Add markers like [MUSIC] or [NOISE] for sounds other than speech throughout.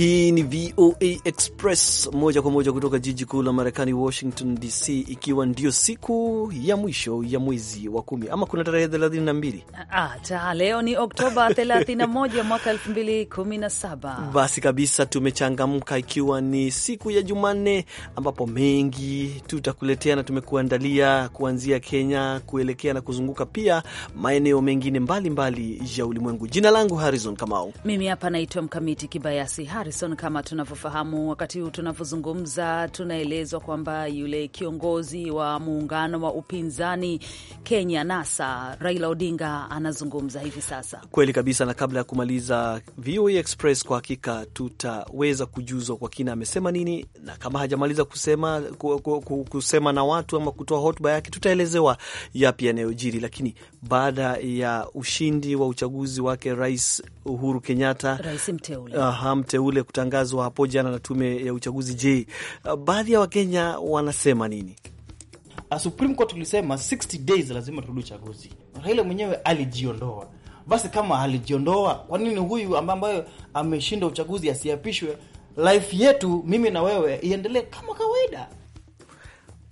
Hii ni VOA Express moja kwa moja kutoka jiji kuu la Marekani, Washington DC, ikiwa ndio siku ya mwisho ya mwezi wa kumi, ama kuna tarehe 32 ta ah, leo ni Oktoba 31 [LAUGHS] mwaka 2017. Basi kabisa tumechangamka, ikiwa ni siku ya Jumanne ambapo mengi tutakuletea na tumekuandalia kuanzia Kenya kuelekea na kuzunguka pia maeneo mengine mbalimbali ya ulimwengu. Jina langu Harrison Kamau, mimi hapa naitwa Mkamiti Kibayasi Harrison. Harrison, kama tunavyofahamu, wakati huu tunavyozungumza, tunaelezwa kwamba yule kiongozi wa muungano wa upinzani Kenya NASA, Raila Odinga anazungumza hivi sasa. Kweli kabisa, na kabla ya kumaliza VOA e Express, kwa hakika tutaweza kujuzwa kwa kina amesema nini, na kama hajamaliza kusema, kusema na watu ama kutoa hotuba yake, tutaelezewa yapi yanayojiri. Lakini baada ya ushindi wa uchaguzi wake rais Uhuru Kenyatta rais mteule, uh, mteule kutangazwa hapo jana na tume ya uchaguzi. Je, baadhi ya Wakenya wanasema nini? Supreme Court tulisema 60 days lazima turudi uchaguzi. Raila mwenyewe alijiondoa. Basi kama alijiondoa, kwa nini huyu ambaye ameshinda uchaguzi asiapishwe? Life yetu mimi na wewe iendelee kama kawaida.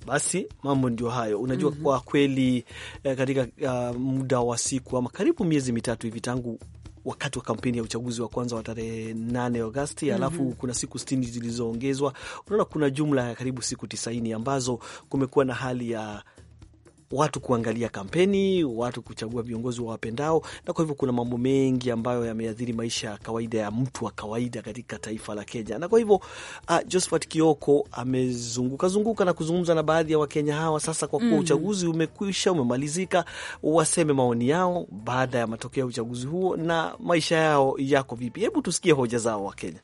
Basi mambo ndio hayo, unajua. mm -hmm. Kwa kweli eh, katika uh, muda wa siku ama karibu miezi mitatu hivi tangu wakati wa kampeni ya uchaguzi wa kwanza wa tarehe nane Agosti, mhm. alafu mm -hmm. kuna siku sitini zilizoongezwa. Unaona kuna jumla ya karibu siku tisaini ambazo kumekuwa na hali ya watu kuangalia kampeni, watu kuchagua viongozi wa wapendao na kwa hivyo kuna mambo mengi ambayo yameathiri maisha ya kawaida ya mtu wa kawaida katika taifa la Kenya. Na kwa hivyo uh, ah, Josphat Kioko amezunguka zunguka na kuzungumza na baadhi ya Wakenya hawa, sasa kwa kuwa mm uchaguzi umekwisha, umemalizika, waseme maoni yao baada ya matokeo ya uchaguzi huo na maisha yao yako vipi. Hebu tusikie hoja zao Wakenya.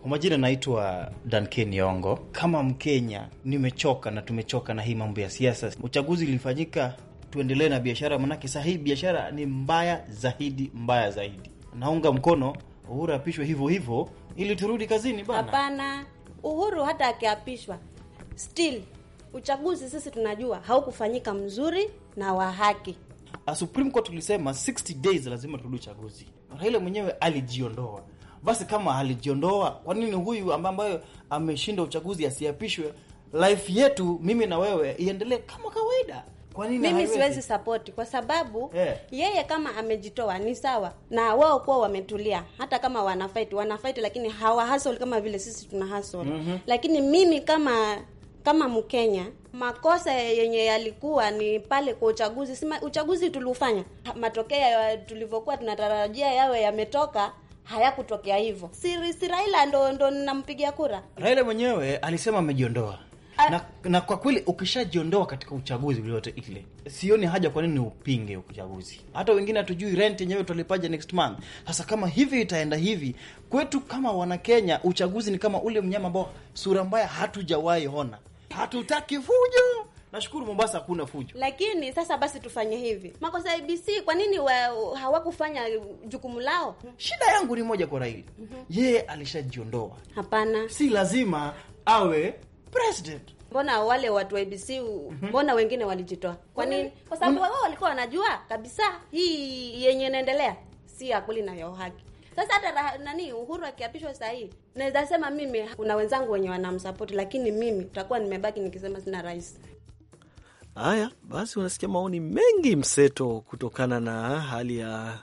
Kwa majina naitwa Duncan Yongo. Kama Mkenya nimechoka na tumechoka na hii mambo ya siasa. Uchaguzi ulifanyika, tuendelee na biashara, manake saa hii biashara ni mbaya zaidi, mbaya zaidi. Naunga mkono Uhuru apishwe hivyo hivyo ili turudi kazini bana. Hapana, Uhuru hata akiapishwa still uchaguzi sisi tunajua haukufanyika mzuri na wa haki. Supreme Court tulisema 60 days lazima turudi uchaguzi. Raila mwenyewe alijiondoa basi kama alijiondoa, kwa nini huyu ambaye ameshinda uchaguzi asiapishwe? Life yetu mimi na wewe iendelee kama kawaida. Kwa nini mimi siwezi support? Kwa sababu yeah, yeye kama amejitoa ni sawa na wao kuwa wametulia, hata kama wanafight wanafight, lakini hawa hustle kama vile sisi tuna hustle mm -hmm. Lakini mimi kama kama Mkenya makosa yenye yalikuwa ni pale kwa uchaguzi, sima uchaguzi tuliufanya, matokeo tulivyokuwa tunatarajia yawe yametoka hayakutokea hivyo. Si, si Raila ndo, ndo nampigia kura. Raila mwenyewe alisema amejiondoa na, na kwa kweli ukishajiondoa katika uchaguzi uliote ile, sioni haja kwa nini upinge uchaguzi. Hata wengine hatujui rent yenyewe tutalipaje next month. Sasa kama hivi itaenda hivi, kwetu kama Wanakenya uchaguzi ni kama ule mnyama ambao sura mbaya hatujawahi ona. Hatutaki fujo Nashukuru Mombasa hakuna fujo. Lakini sasa basi tufanye hivi, makosa IBC kwa nini hawakufanya jukumu lao? Shida yangu ni moja kwa Raila, mm -hmm. Yeye alishajiondoa. Hapana, si lazima awe president. Mbona wale watu wa IBC mhm. mbona wengine walijitoa? Kwa nini? Kwa sababu wao walikuwa wanajua kabisa hii yenye inaendelea si akuli na ya haki. Sasa hata nani Uhuru akiapishwa saa hii, naweza sema mimi kuna wenzangu wenye wanamsupport, lakini mimi nitakuwa nimebaki nikisema sina rais. Haya basi, unasikia maoni mengi mseto kutokana na hali ya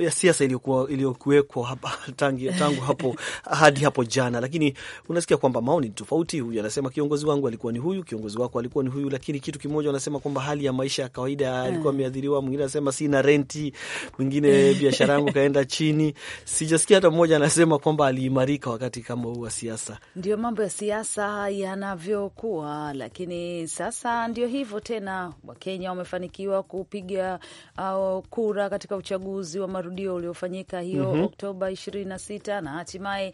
ya siasa iliyokuwekwa hapa [LAUGHS] tangu hapo hadi hapo jana, lakini unasikia kwamba maoni ni tofauti. Huyu anasema kiongozi wangu alikuwa ni huyu, kiongozi wako alikuwa ni huyu, lakini kitu kimoja wanasema kwamba hali ya maisha ya kawaida eh. alikuwa ameathiriwa. Mwingine anasema sina renti, mwingine [LAUGHS] biashara yangu kaenda chini. Sijasikia hata mmoja anasema kwamba aliimarika wakati kama huu wa siasa. Ndio mambo ya siasa yanavyokuwa, lakini sasa ndio hivyo tena. Wakenya wamefanikiwa kupiga uh, kura katika uchaguzi wa marudio uliofanyika hiyo mm -hmm. Oktoba 26 na hatimaye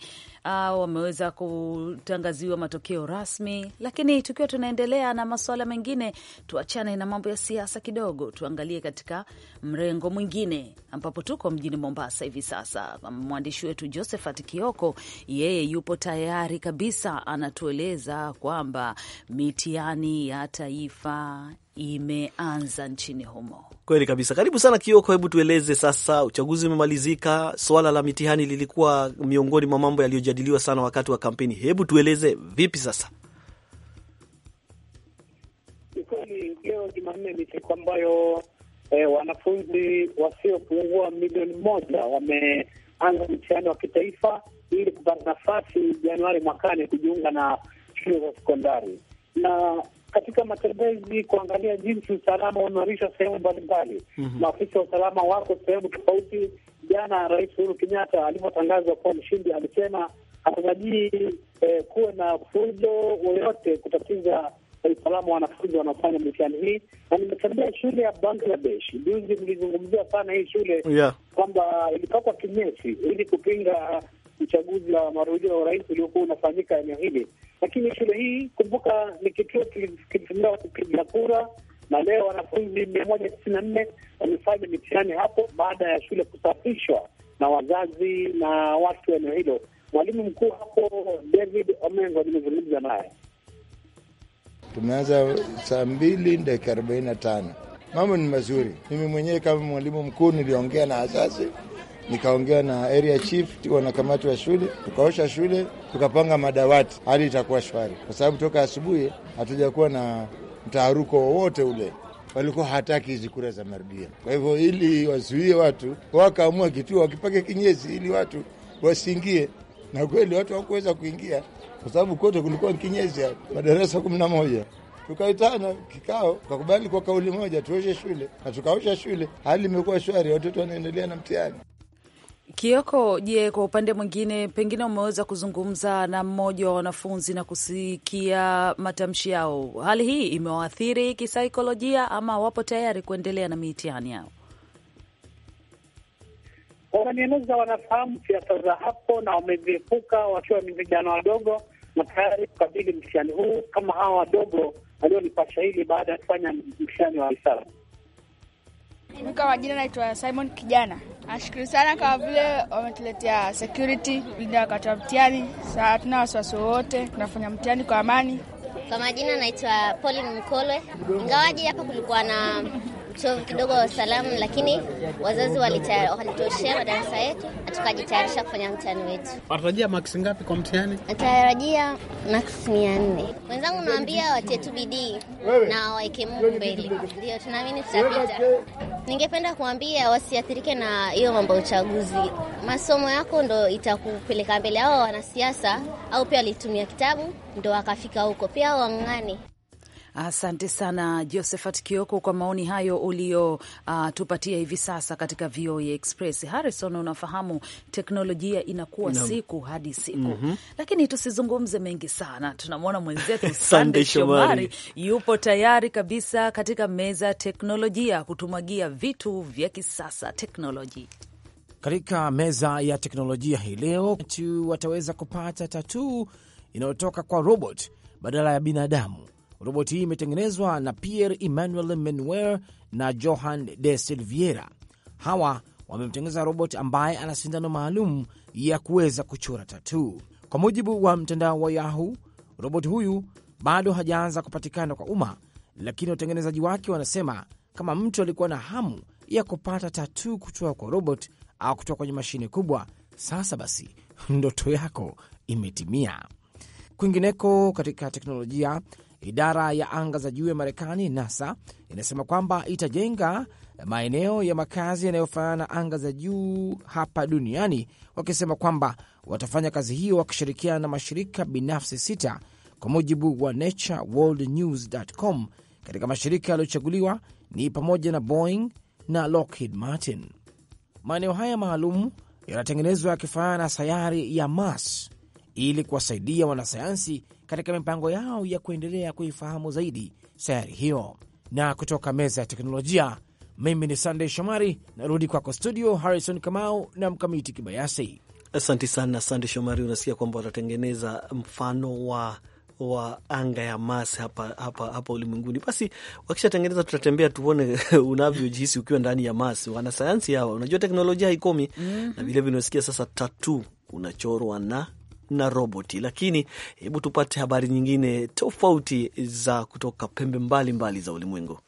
uh, wameweza kutangaziwa matokeo rasmi. Lakini tukiwa tunaendelea na masuala mengine, tuachane na mambo ya siasa kidogo, tuangalie katika mrengo mwingine ambapo tuko mjini Mombasa hivi sasa. Mwandishi wetu Josephat Kioko yeye yupo tayari kabisa, anatueleza kwamba mitihani ya taifa imeanza nchini humo. Kweli kabisa. Karibu sana Kioko, hebu tueleze sasa, uchaguzi umemalizika, swala la mitihani lilikuwa miongoni mwa mambo yaliyojadiliwa sana wakati wa kampeni. Hebu tueleze vipi sasa? Kweli leo Jumanne ni siku ambayo eh, wanafunzi wasiopungua milioni moja wameanza mtihani wa kitaifa ili kupata nafasi Januari mwakani kujiunga na shule za sekondari na katika matembezi kuangalia jinsi usalama unaimarishwa sehemu mbalimbali. Mhm. Maafisa wa usalama wako sehemu tofauti. Jana Rais Uhuru Kenyatta alivyotangazwa kuwa mshindi, alisema hatarajii eh, kuwe na fujo yoyote kutatiza usalama wa wanafunzi wanaofanya mitihani hii. Na nimetembea shule ya Bangladesh juzi, mlizungumzia sana hii shule yeah, kwamba ilipakwa kinyesi ili kupinga uchaguzi wa marudio wa urais uliokuwa unafanyika eneo hili. Lakini shule hii, kumbuka, ni kituo kilitumiwa kupiga kura, na leo wanafunzi mia moja tisini na nne wamefanya mitihani hapo baada ya shule kusafishwa na wazazi na watu wa eneo hilo. Mwalimu mkuu hapo David Omengo nimezungumza naye. Tumeanza saa mbili dakika arobaini na tano. Mambo ni mazuri. Mimi mwenyewe kama mwalimu mkuu niliongea na wazazi nikaongea na area chief, wanakamati wa shule, tukaosha shule, tukapanga madawati, hali itakuwa shwari, kwa sababu toka asubuhi hatujakuwa na mtaharuko wowote ule. Walikuwa hataki hizi kura za marudia, kwa hivyo ili wazuie watu wakaamua kituo wakipake kinyezi ili watu wasiingie, na kweli watu hawakuweza kuingia kwa sababu kote kulikuwa kinyezi madarasa kumi na moja. Tukaitana kikao, tukakubali kwa kauli moja tuoshe shule, na tukaosha shule. Hali imekuwa shwari, watoto wanaendelea na mtihani. Kioko, je, kwa upande mwingine, pengine umeweza kuzungumza na mmoja wa wanafunzi na kusikia matamshi yao, hali hii imewaathiri kisaikolojia ama wapo tayari kuendelea na mitihani yao? Wananieleza wanafahamu siasa za hapo na wameziepuka wakiwa ni vijana wadogo na tayari kukabili mtihani huu kama hawa wadogo walionipasha hili baada ya kufanya mtihani wa hesabu kwa majina naitwa Simon Kijana. Nashukuru sana kwa vile wametuletea security linda wakati wa mtihani. Sasa hatuna wasiwasi wowote, tunafanya mtihani kwa amani. Kwa majina naitwa Pauline Mkolwe. Ingawaji hapa kulikuwa na uchovu kidogo wa salamu, lakini wazazi walitoshea madarasa yetu na tukajitayarisha kufanya mtihani wetu. Watarajia maksi ngapi kwa mtihani? Natarajia maksi mia nne. Wenzangu nawambia watie tu bidii na waweke Mungu mbele, ndio tunaamini tutapita. Ningependa kuambia wasiathirike na hiyo mambo ya uchaguzi. Masomo yako ndo itakupeleka mbele. Hao wanasiasa au pia walitumia kitabu ndo wakafika huko, pia wang'ani Asante sana Josephat Kioko kwa maoni hayo uliotupatia uh, hivi sasa katika VOA Express. Harrison, unafahamu teknolojia inakuwa no. siku hadi siku mm -hmm. Lakini tusizungumze mengi sana, tunamwona mwenzetu [LAUGHS] Sande Shomari yupo tayari kabisa katika meza ya teknolojia kutumwagia vitu vya kisasa teknoloji katika meza ya teknolojia hii leo, watu wataweza kupata tatuu inayotoka kwa robot badala ya binadamu Roboti hii imetengenezwa na Pierre Emmanuel Menuer na Johan de Silviera. Hawa wamemtengeneza robot ambaye ana sindano maalum ya kuweza kuchora tatuu. Kwa mujibu wa mtandao wa Yahoo, robot huyu bado hajaanza kupatikana kwa umma, lakini watengenezaji wake wanasema kama mtu alikuwa na hamu ya kupata tatuu kutoka kwa robot au kutoka kwenye mashine kubwa, sasa basi ndoto yako imetimia. Kwingineko katika teknolojia, Idara ya anga za juu ya Marekani, NASA, inasema kwamba itajenga maeneo ya makazi yanayofanana na anga za juu hapa duniani, wakisema kwamba watafanya kazi hiyo wakishirikiana na mashirika binafsi sita, kwa mujibu wa natureworldnews.com. Katika mashirika yaliyochaguliwa ni pamoja na Boeing na Lockheed Martin. Maeneo haya maalum yanatengenezwa yakifanana na sayari ya Mars ili kuwasaidia wanasayansi katika mipango yao ya kuendelea kuifahamu zaidi sayari hiyo. Na kutoka meza ya teknolojia, mimi ni Sandey Shomari, narudi kwako studio Harrison Kamau na Mkamiti Kibayasi. Asante sana Sandey Shomari. Unasikia kwamba watatengeneza mfano wa wa anga ya Mars hapa, hapa, hapa ulimwenguni. Basi wakishatengeneza tutatembea tuone [LAUGHS] unavyojihisi ukiwa ndani ya Mars. Wanasayansi hawa, unajua teknolojia haikomi. mm -hmm. Na vilevile unasikia sasa tatu unachorwa na na roboti. Lakini hebu tupate habari nyingine tofauti za kutoka pembe mbalimbali mbali za ulimwengu.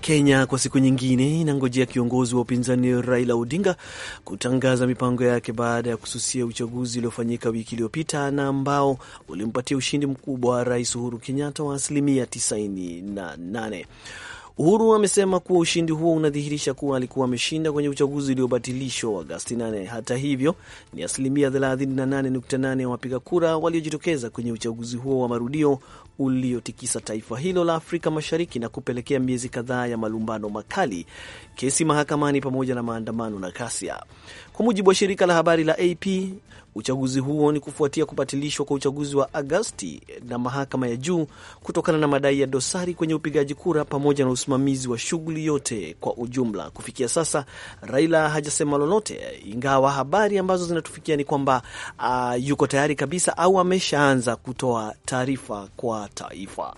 Kenya kwa siku nyingine inangojea kiongozi wa upinzani Raila Odinga kutangaza mipango yake baada ya kususia uchaguzi uliofanyika wiki iliyopita na ambao ulimpatia ushindi mkubwa wa Rais Uhuru Kenyatta wa asilimia 98. Uhuru amesema kuwa ushindi huo unadhihirisha kuwa alikuwa ameshinda kwenye uchaguzi uliobatilishwa wa agasti 8. Hata hivyo, ni asilimia 38.8 ya wapiga kura waliojitokeza kwenye uchaguzi huo wa marudio uliotikisa taifa hilo la Afrika Mashariki na kupelekea miezi kadhaa ya malumbano makali, kesi mahakamani, pamoja na maandamano na ghasia, kwa mujibu wa shirika la habari la AP. Uchaguzi huo ni kufuatia kubatilishwa kwa uchaguzi wa Agasti na mahakama ya juu kutokana na madai ya dosari kwenye upigaji kura pamoja na usimamizi wa shughuli yote kwa ujumla. Kufikia sasa, Raila hajasema lolote, ingawa habari ambazo zinatufikia ni kwamba uh, yuko tayari kabisa au ameshaanza kutoa taarifa kwa taifa.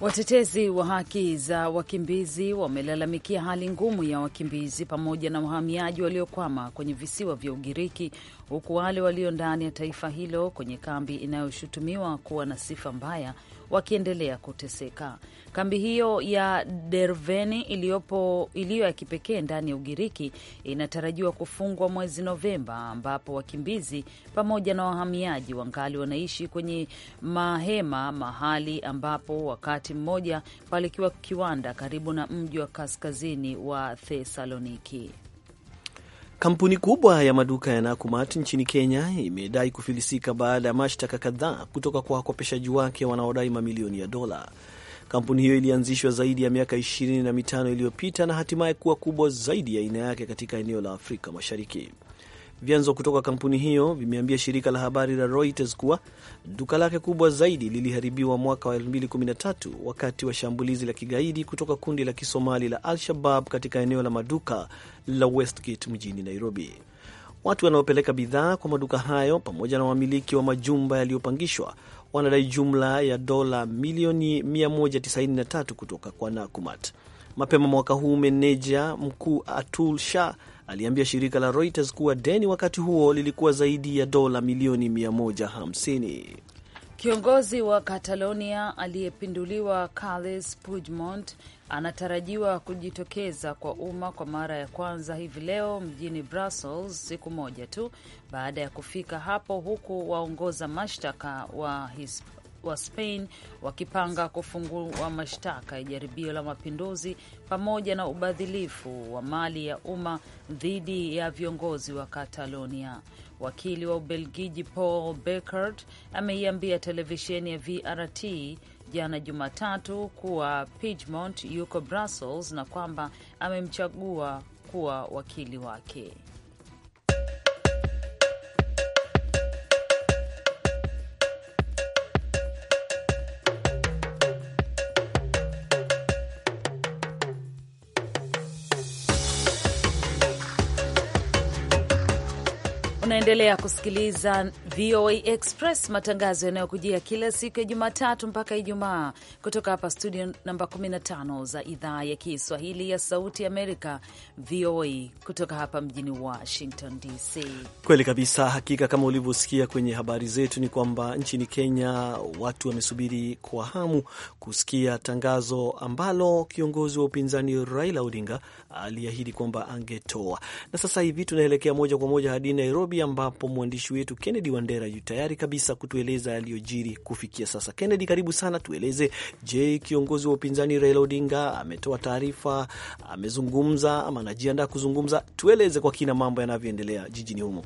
Watetezi wa haki za wakimbizi wamelalamikia hali ngumu ya wakimbizi pamoja na wahamiaji waliokwama kwenye visiwa vya Ugiriki, huku wale walio ndani ya taifa hilo kwenye kambi inayoshutumiwa kuwa na sifa mbaya wakiendelea kuteseka. Kambi hiyo ya Derveni iliyopo iliyo ya kipekee ndani ya Ugiriki inatarajiwa kufungwa mwezi Novemba, ambapo wakimbizi pamoja na wahamiaji wangali wanaishi kwenye mahema, mahali ambapo wakati mmoja palikiwa kiwanda karibu na mji wa kaskazini wa Thessaloniki. Kampuni kubwa ya maduka ya Nakumat nchini Kenya imedai kufilisika baada ya mashtaka kadhaa kutoka kwa wakopeshaji wake wanaodai mamilioni ya dola. Kampuni hiyo ilianzishwa zaidi ya miaka ishirini na mitano iliyopita na hatimaye kuwa kubwa zaidi ya aina yake katika eneo la Afrika Mashariki. Vyanzo kutoka kampuni hiyo vimeambia shirika la habari la Reuters kuwa duka lake kubwa zaidi liliharibiwa mwaka wa 2013 wakati wa shambulizi la kigaidi kutoka kundi la Kisomali la Al-Shabab katika eneo la maduka la Westgate mjini Nairobi. Watu wanaopeleka bidhaa kwa maduka hayo pamoja na wamiliki wa majumba yaliyopangishwa wanadai jumla ya dola milioni 193 kutoka kwa Nakumat. Mapema mwaka huu meneja mkuu Atul Shah aliambia shirika la Reuters kuwa deni wakati huo lilikuwa zaidi ya dola milioni 150. Kiongozi wa Catalonia aliyepinduliwa Carles Puigdemont anatarajiwa kujitokeza kwa umma kwa mara ya kwanza hivi leo mjini Brussels, siku moja tu baada ya kufika hapo, huku waongoza mashtaka wa wa Spain wakipanga kufungua mashtaka ya jaribio la mapinduzi pamoja na ubadhilifu wa mali ya umma dhidi ya viongozi wa Catalonia. Wakili wa Ubelgiji Paul Beckert ameiambia televisheni ya VRT jana Jumatatu kuwa Pigmont yuko Brussels na kwamba amemchagua kuwa wakili wake. Unaendelea kusikiliza VOA Express, matangazo yanayokujia kila siku ya Jumatatu mpaka Ijumaa kutoka hapa studio namba 15 za idhaa ya Kiswahili ya Sauti Amerika, VOA kutoka hapa mjini Washington DC. Kweli kabisa, hakika kama ulivyosikia kwenye habari zetu ni kwamba nchini Kenya watu wamesubiri kwa hamu kusikia tangazo ambalo kiongozi wa upinzani Raila Odinga aliahidi kwamba angetoa, na sasa hivi tunaelekea moja kwa moja hadi Nairobi ambapo mwandishi wetu Kennedy Wandera yu tayari kabisa kutueleza yaliyojiri kufikia sasa. Kennedy, karibu sana, tueleze. Je, kiongozi wa upinzani Raila Odinga ametoa taarifa, amezungumza ama anajiandaa kuzungumza? Tueleze kwa kina mambo yanavyoendelea jijini humo.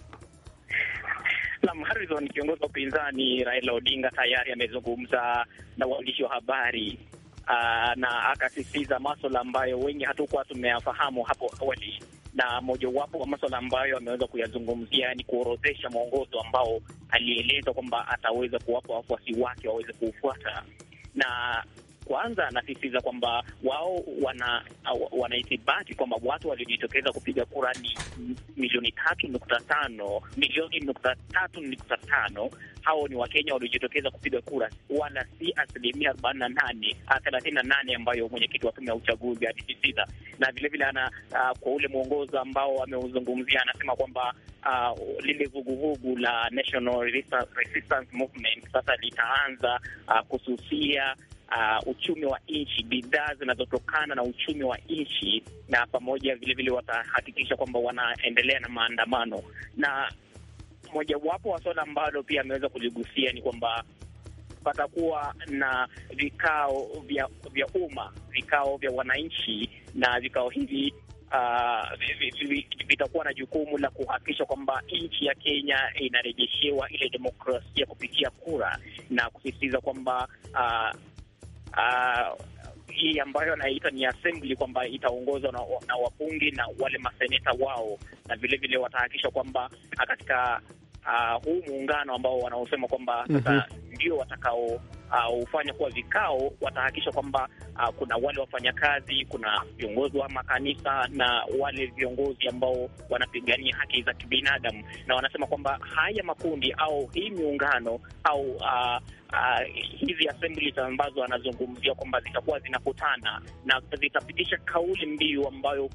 Naam, Harrison, kiongozi wa upinzani Raila Odinga tayari amezungumza na waandishi wa habari uh, na akasisitiza maswala ambayo wengi hatukuwa tumeyafahamu hapo awali na mojawapo wa maswala ambayo ameweza kuyazungumzia ni kuorodhesha mwongozo ambao alieleza kwamba ataweza kuwapa wafuasi wake waweze kuufuata na kwanza anasisitiza kwamba wao wanaithibati wana kwamba watu waliojitokeza kupiga kura ni milioni tatu nukta tano milioni nukta tatu nukta tano hao ni Wakenya waliojitokeza kupiga kura, wala si asilimia arobaini na nane ah, thelathini na nane ambayo mwenyekiti wa tume ya uchaguzi alisisitiza. Na vilevile ana uh, kwa ule mwongozo ambao ameuzungumzia anasema kwamba uh, lile vuguvugu la National Resistance Movement sasa litaanza uh, kususia uh, uchumi wa nchi, bidhaa zinazotokana na uchumi wa nchi, na pamoja vilevile watahakikisha kwamba wanaendelea na maandamano. Na mojawapo wa swala ambalo pia ameweza kuligusia ni kwamba patakuwa na vikao vya vya umma, vikao vya wananchi, na vikao hivi uh, vitakuwa uh, na jukumu la kuhakikisha kwamba nchi ya Kenya inarejeshewa ile demokrasia kupitia kura na kusisitiza kwamba uh, uh, hii ambayo anaita ni assembly kwamba itaongozwa na, na wabunge na wale maseneta wao, na vilevile watahakikisha kwamba ah, katika uh, huu muungano ambao wanaosema kwamba mhm. sasa mm -hmm. ndio watakao ufanya kuwa vikao, watahakikisha kwamba uh, kuna wale wafanyakazi, kuna viongozi wa makanisa na wale viongozi ambao wanapigania haki za kibinadamu, na wanasema kwamba haya makundi au hii miungano au uh, uh, hizi assemblies ambazo anazungumzia kwamba zitakuwa zinakutana na zitapitisha kauli mbiu ambayo,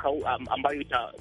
ambayo ita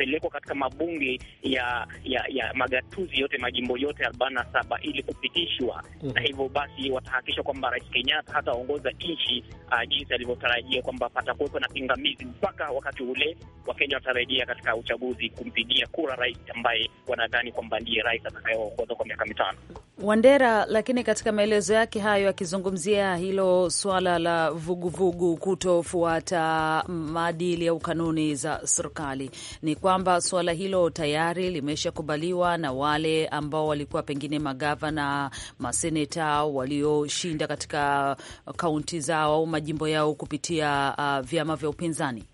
kupelekwa katika mabunge ya ya, ya magatuzi yote majimbo yote arobaini na saba ili kupitishwa mm -hmm. Na hivyo basi watahakikisha kwamba Rais Kenyatta hataongoza nchi uh, jinsi alivyotarajia kwamba patakuwepo na pingamizi mpaka wakati ule Wakenya watarejea katika uchaguzi kumpigia kura rais ambaye wanadhani kwamba ndiye rais atakayeongoza kwa miaka mitano. Wandera, lakini katika maelezo yake hayo akizungumzia hilo suala la vuguvugu kutofuata maadili au kanuni za serikali ni kwa kwamba suala hilo tayari limeshakubaliwa na wale ambao walikuwa pengine magavana, maseneta walioshinda katika kaunti zao au majimbo yao kupitia uh, vyama vya upinzani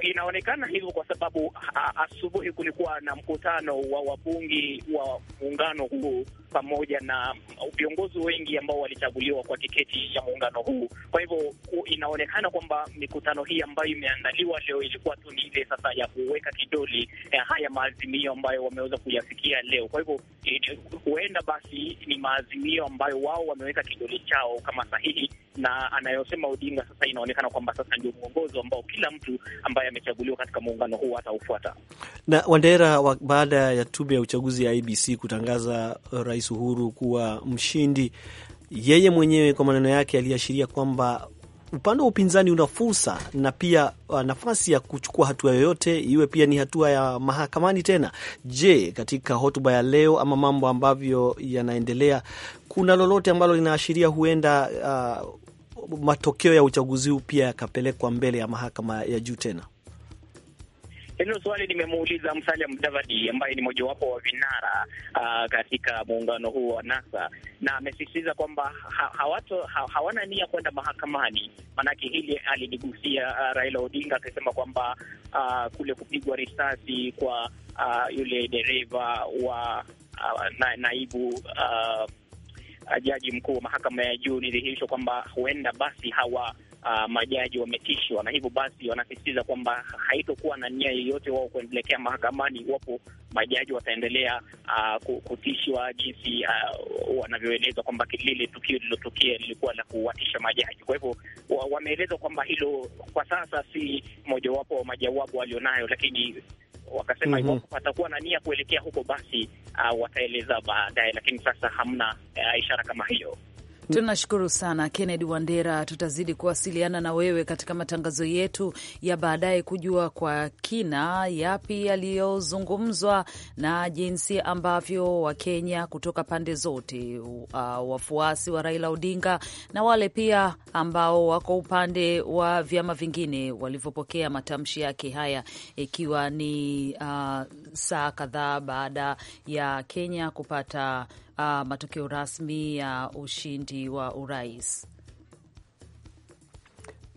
inaonekana hivyo kwa sababu asubuhi kulikuwa na mkutano wa wabunge wa muungano huu pamoja na viongozi wengi ambao walichaguliwa kwa tiketi ya muungano huu. Kwa hivyo inaonekana kwamba mikutano hii ambayo imeandaliwa leo ilikuwa tu ni ile sasa ya kuweka kidoli eh, haya maazimio ambayo wameweza kuyafikia leo. Kwa hivyo eh, huenda basi ni maazimio ambayo wao wameweka kidoli chao kama sahihi na anayosema Odinga sasa inaonekana kwamba sasa ndio mwongozo ambao kila mtu ambaye amechaguliwa katika muungano huu ataufuata. Na Wandera, baada ya tume ya uchaguzi ya IBC kutangaza Rais Uhuru kuwa mshindi, yeye mwenyewe kwa maneno yake aliashiria kwamba upande wa upinzani una fursa na pia uh, nafasi ya kuchukua hatua yoyote iwe pia ni hatua ya mahakamani tena. Je, katika hotuba ya leo ama mambo ambavyo yanaendelea, kuna lolote ambalo linaashiria huenda uh, matokeo ya uchaguzi huu pia yakapelekwa mbele ya mahakama ya juu tena? Hilo swali nimemuuliza Musalia Mudavadi ambaye ni mojawapo wa vinara uh, katika muungano huu wa NASA, na amesisitiza kwamba ha, hawato, ha, hawana nia kwenda mahakamani. Maanake hili aliligusia uh, ah, Raila Odinga akisema kwamba uh, kule kupigwa risasi kwa uh, yule dereva wa uh, na, naibu uh, jaji mkuu wa mahakama ya juu dhihirisho kwamba huenda basi hawa uh, majaji wametishwa, na hivyo basi wanasisitiza kwamba haitokuwa na nia yeyote wao kuendelekea mahakamani iwapo majaji wataendelea uh, kutishwa jinsi uh, wanavyoeleza kwamba lile tukio lililotukia lilikuwa la kuwatisha majaji. Kwa hivyo wameeleza kwamba hilo kwa sasa si mojawapo wa majawabu walionayo, lakini wakasema mhm. iwapo mm -hmm. watakuwa na nia kuelekea huko basi uh, wataeleza baadaye, lakini sasa hamna uh, ishara kama hiyo. Tunashukuru sana Kennedy Wandera, tutazidi kuwasiliana na wewe katika matangazo yetu ya baadaye kujua kwa kina yapi yaliyozungumzwa na jinsi ambavyo Wakenya kutoka pande zote uh, wafuasi wa Raila Odinga na wale pia ambao wako upande wa vyama vingine walivyopokea matamshi yake haya, ikiwa ni uh, saa kadhaa baada ya Kenya kupata uh, matokeo rasmi ya ushindi wa urais.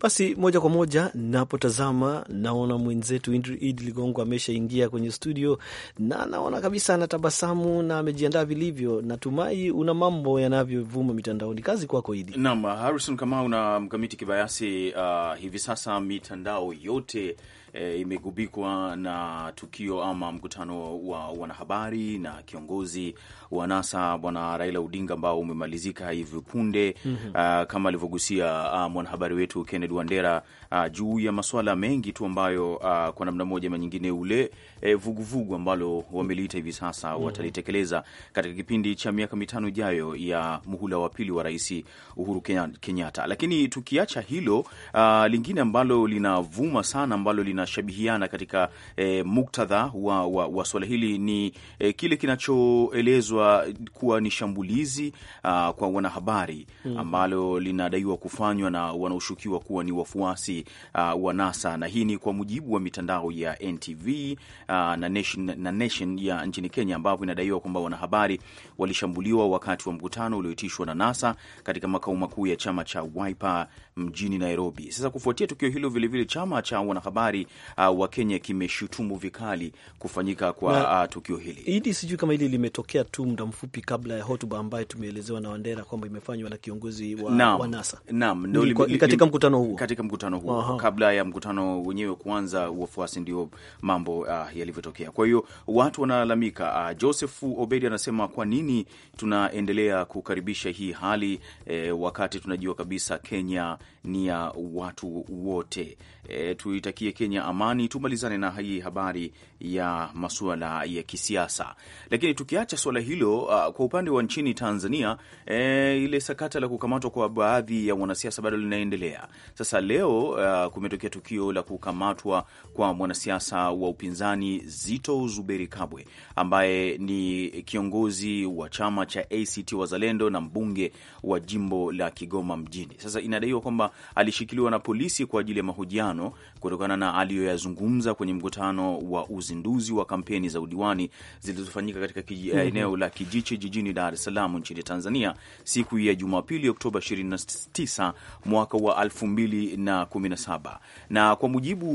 Basi moja kwa moja napotazama naona mwenzetu Idi Ligongo ameshaingia kwenye studio na naona kabisa anatabasamu na amejiandaa vilivyo. Natumai una mambo yanavyovuma mitandaoni. Kazi kwako Idi. Naam, Harrison Kamau na Mkamiti Kibayasi. Uh, hivi sasa mitandao yote e, imegubikwa na tukio ama mkutano wa wanahabari na kiongozi wa NASA Bwana Raila Odinga ambao umemalizika hivi punde mm -hmm. Kama alivyogusia mwanahabari wetu Kenneth Wandera a, juu ya masuala mengi tu ambayo a, kwa namna moja ama nyingine ule e, vuguvugu e, vugu ambalo wameliita hivi sasa mm -hmm. watalitekeleza katika kipindi cha miaka mitano ijayo ya muhula wa pili wa Rais Uhuru Kenyatta, lakini tukiacha hilo a, lingine ambalo linavuma sana ambalo lina zinashabihiana katika e, muktadha wa, wa, wa swala hili ni e, kile kinachoelezwa kuwa ni shambulizi a, ah, kwa wanahabari hmm, ambalo linadaiwa kufanywa na wanaoshukiwa kuwa ni wafuasi ah, wa NASA na hii ni kwa mujibu wa mitandao ya NTV a, ah, na, Nation, na Nation ya nchini Kenya ambavyo inadaiwa kwamba wanahabari walishambuliwa wakati wa mkutano ulioitishwa na NASA katika makao makuu ya chama cha Wiper mjini Nairobi. Sasa kufuatia tukio hilo vilevile vile chama cha wanahabari uh, wa Kenya kimeshutumu vikali kufanyika kwa na, uh, tukio hili hili. Sijui kama hili limetokea tu muda mfupi kabla ya hotuba ambayo tumeelezewa na Wandera kwamba imefanywa na kiongozi wa, naam, wa NASA. Naam, ndio katika mkutano huo, katika mkutano huo Aha. Kabla ya mkutano wenyewe kuanza, wafuasi ndio mambo uh, yalivyotokea. Kwa hiyo watu wanalalamika. Uh, Joseph Obedi anasema kwa nini tunaendelea kukaribisha hii hali eh, wakati tunajua kabisa Kenya ni ya watu wote. E, tuitakie Kenya amani, tumalizane na hii habari ya masuala ya kisiasa. Lakini tukiacha suala hilo, uh, kwa upande wa nchini Tanzania, e, ile sakata la kukamatwa kwa baadhi ya wanasiasa bado linaendelea. Sasa leo uh, kumetokea tukio la kukamatwa kwa mwanasiasa wa upinzani Zito Zuberi Kabwe ambaye ni kiongozi wa chama cha ACT Wazalendo na mbunge wa jimbo la Kigoma mjini. Sasa inadaiwa kwamba alishikiliwa na polisi kwa ajili ya mahojiano kutokana na aliyoyazungumza kwenye mkutano wa uzinduzi wa kampeni za udiwani zilizofanyika katika kiji, mm -hmm. eneo la Kijichi jijini Dar es Salaam nchini Tanzania siku ya Jumapili, Oktoba 29 mwaka wa 2017 na, na kwa mujibu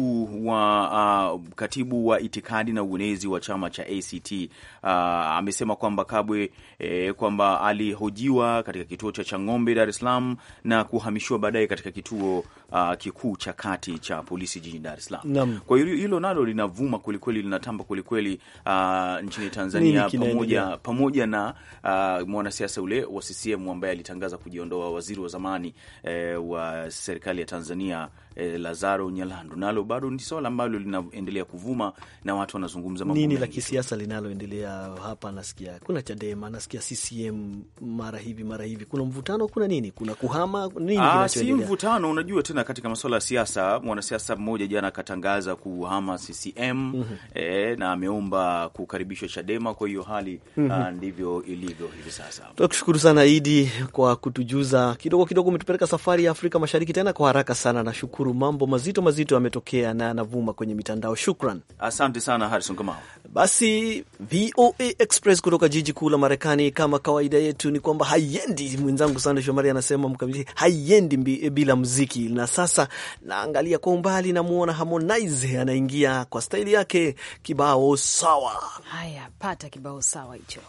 wa uh, katibu wa itikadi na uenezi wa chama cha ACT uh, ah, amesema kwamba Kabwe eh, kwamba alihojiwa katika kituo cha Chang'ombe Dar es Salaam na kuhamishiwa baadaye katika katika kituo uh, kikuu cha kati cha polisi jijini Dar es Salaam. Kwa hiyo hilo nalo linavuma kwelikweli, linatamba kwelikweli uh, nchini Tanzania pamoja, pamoja na uh, mwanasiasa ule wa CCM ambaye alitangaza kujiondoa, waziri wa zamani eh, wa serikali ya Tanzania eh, Lazaro Nyalandu, nalo bado ni swala ambalo linaendelea kuvuma na watu wanazungumza mambo nini la kisiasa linaloendelea hapa. Nasikia kuna Chadema, nasikia CCM, mara hivi mara hivi, kuna mvutano, kuna nini, kuna kuhama nini, ah, si mvutano, unajua tena katika masuala ya siasa, mwanasiasa mmoja jana akatangaza kuhama CCM mm -hmm. E, eh, na ameomba kukaribishwa Chadema. Kwa hiyo hali mm -hmm. ndivyo ilivyo hivi sasa. Tunakushukuru sana Idi kwa kutujuza kidogo kidogo, umetupeleka safari ya Afrika Mashariki tena kwa haraka sana. Nashukuru mambo mazito mazito yametokea na yanavuma kwenye mitandao. Shukran, asante sana Harrison Kamau. Basi VOA Express kutoka jiji kuu la Marekani, kama kawaida yetu ni kwamba haiendi, mwenzangu Sande Shomari anasema mkamiti haiendi bila mziki. Na sasa naangalia kwa umbali, namuona Harmonize anaingia kwa staili yake, kibao sawa. Haya, pata kibao sawa hicho.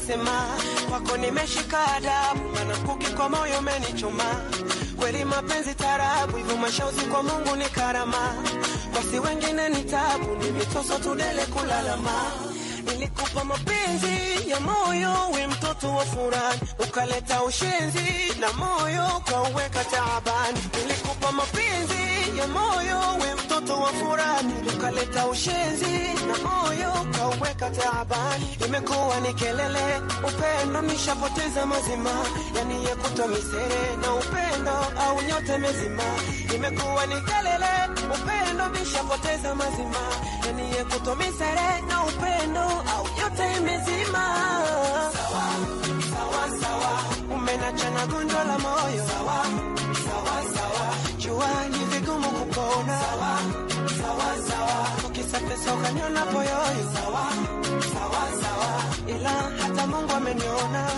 nimesema kwako, nimeshika adabu, manakuki kwa moyo umenichoma kweli, mapenzi tarabu, hivyo mashauzi kwa Mungu ni karama, kwa si wengine ni tabu, ni mitoso tudele kulalama Nilikupa mapenzi ya moyo, we mtoto wa furani, ukaleta ushenzi na moyo kwa uweka taabani. Nilikupa mapenzi ya moyo, we mtoto wa furani, ukaleta ushenzi na moyo kaweka taabani. Imekuwa ni kelele, upendo nishapoteza mazima, yani yekuta misere na upendo au nyote mezima. Imekuwa ni kelele, upendo nishapoteza mazima, yani yekuta misere na upendo au nyote mezima. Sawa, sawa, sawa. Umenachana gundo la moyo. Sawa, sawa, sawa. Juani unaona ukisa pesa ukaniona poyoyo ila hata Mungu ameniona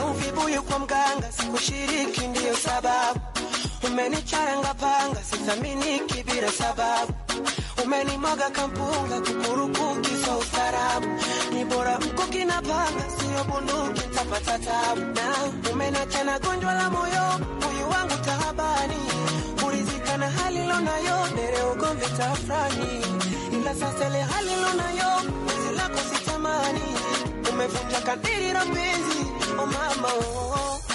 au vibuyu kwa mganga sikushiriki, ndiyo sababu Umenichanga panga, sithamini kibira sababu umenimwaga kampunga, kukurukuki so ustarabu, ni bora mkuki na panga, siyo bunduki, ntapata tabu. Na umenachana gonjwa la moyo, huyu wangu tahabani, kurizika na hali lonayo, dere ugomvi tafrani, ila sasele ile hali lonayo, penzi lako sitamani, umevunja kadiri la penzi, oh mama oh. oh, oh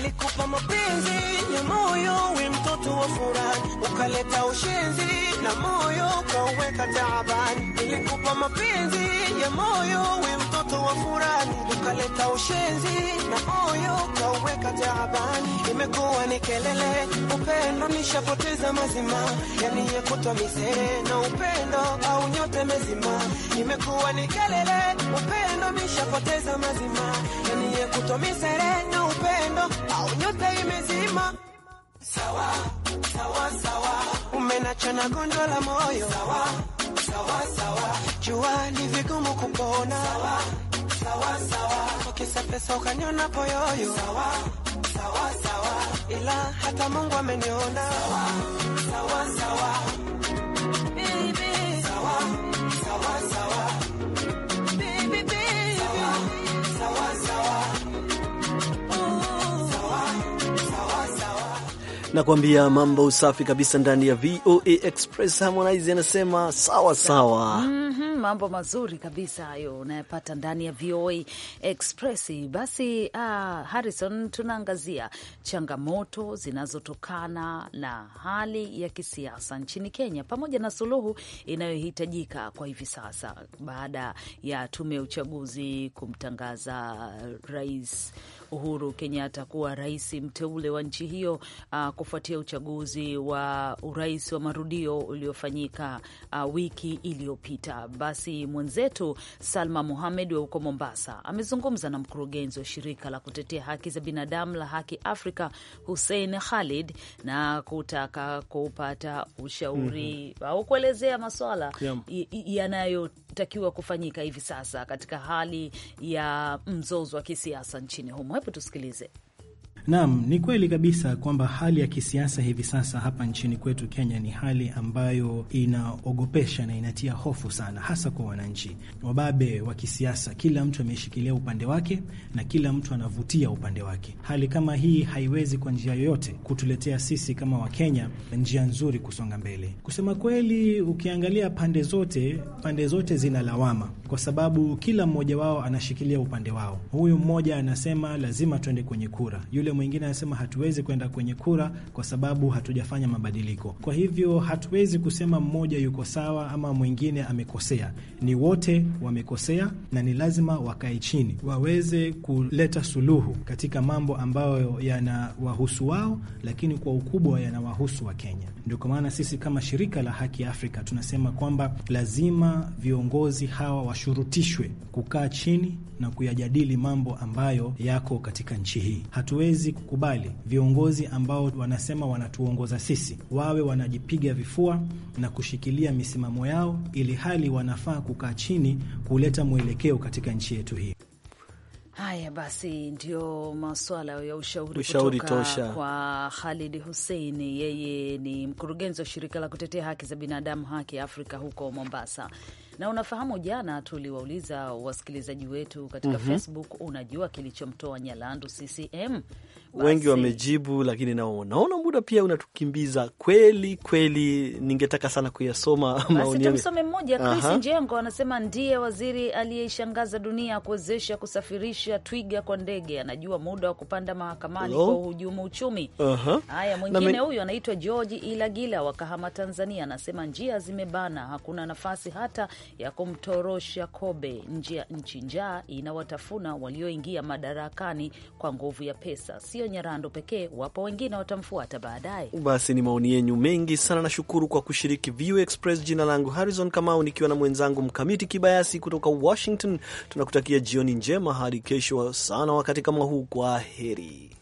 alikupa mapenzi ya moyo, we mtoto wa furaha, ukaleta ushenzi na moyo kaweka taabani. Nilikupa mapenzi ya moyo, we mtoto wa furaha, ukaleta ushenzi na moyo kaweka taabani. Imekuwa ni kelele, upendo nishapoteza mazima, yani yekutwa misere na upendo au nyote mezima. Imekuwa ni kelele, upendo nishapoteza mazima kutomi serenya upendo au nyota imezima sawa, sawa, sawa. Umenacho na gonjwa la moyo sawa, sawa, sawa. Jua ni vigumu kupona sawa, sawa, sawa. Ukisa pesa ukanyona poyoyo sawa, sawa, sawa. Ila hata Mungu ameniona sawa, sawa, sawa. nakuambia mambo usafi kabisa ndani ya VOA Express. Harmonize anasema sawa sawa. mm -hmm, mambo mazuri kabisa hayo unayapata ndani ya VOA Express. Basi uh, Harrison, tunaangazia changamoto zinazotokana na hali ya kisiasa nchini Kenya pamoja na suluhu inayohitajika kwa hivi sasa baada ya tume ya uchaguzi kumtangaza rais Uhuru Kenyatta kuwa rais mteule wa nchi hiyo uh, kufuatia uchaguzi wa urais wa marudio uliofanyika uh, wiki iliyopita. Basi mwenzetu Salma muhamed wa huko Mombasa amezungumza na mkurugenzi wa shirika la kutetea haki za binadamu la Haki Afrika Hussein Khalid na kutaka kupata ushauri mm -hmm. au kuelezea maswala yanayotakiwa kufanyika hivi sasa katika hali ya mzozo wa kisiasa nchini humo. Hebu tusikilize. Naam, ni kweli kabisa kwamba hali ya kisiasa hivi sasa hapa nchini kwetu Kenya ni hali ambayo inaogopesha na inatia hofu sana, hasa kwa wananchi. Wababe wa kisiasa, kila mtu ameshikilia upande wake na kila mtu anavutia upande wake. Hali kama hii haiwezi kwa njia yoyote kutuletea sisi kama Wakenya njia nzuri kusonga mbele. Kusema kweli, ukiangalia pande zote, pande zote zina lawama, kwa sababu kila mmoja wao anashikilia upande wao. Huyu mmoja anasema lazima tuende kwenye kura, yule yule mwingine anasema hatuwezi kwenda kwenye kura kwa sababu hatujafanya mabadiliko. Kwa hivyo hatuwezi kusema mmoja yuko sawa ama mwingine amekosea. Ni wote wamekosea na ni lazima wakae chini waweze kuleta suluhu katika mambo ambayo yanawahusu wao, lakini kwa ukubwa yanawahusu wa Kenya. Ndio kwa maana sisi kama shirika la Haki Afrika tunasema kwamba lazima viongozi hawa washurutishwe kukaa chini na kuyajadili mambo ambayo yako katika nchi hii. Hatuwezi hatuwezi kukubali viongozi ambao wanasema wanatuongoza sisi wawe wanajipiga vifua na kushikilia misimamo yao, ili hali wanafaa kukaa chini kuleta mwelekeo katika nchi yetu hii. Haya basi, ndio maswala ya ushauri, ushauri kutoka tosha kwa Khalid Husseini. Yeye ni mkurugenzi wa shirika la kutetea haki za binadamu Haki Afrika huko Mombasa. Na unafahamu jana tuliwauliza wasikilizaji wetu katika mm -hmm. Facebook, unajua kilichomtoa Nyalandu CCM? wengi wamejibu, lakini nao naona muda pia unatukimbiza kweli kweli. Ningetaka sana kuyasoma maoni. Tumsome mmoja, Chris Njengo anasema ndiye waziri aliyeishangaza dunia kuwezesha kusafirisha twiga kwa ndege, anajua muda wa kupanda mahakamani kwa uhujumu uchumi. Haya, mwingine huyu anaitwa George Ilagila wa Kahama, Tanzania, anasema njia zimebana, hakuna nafasi hata ya kumtorosha kobe nje ya nchi. Njaa inawatafuna walioingia madarakani kwa nguvu ya pesa, si sio Nyarando pekee, wapo wengine watamfuata baadaye. Basi ni maoni yenyu mengi sana, nashukuru kwa kushiriki VOA Express. Jina langu Harrison Kamau, nikiwa na mwenzangu Mkamiti Kibayasi kutoka Washington. Tunakutakia jioni njema hadi kesho sana wakati kama huu, kwa heri.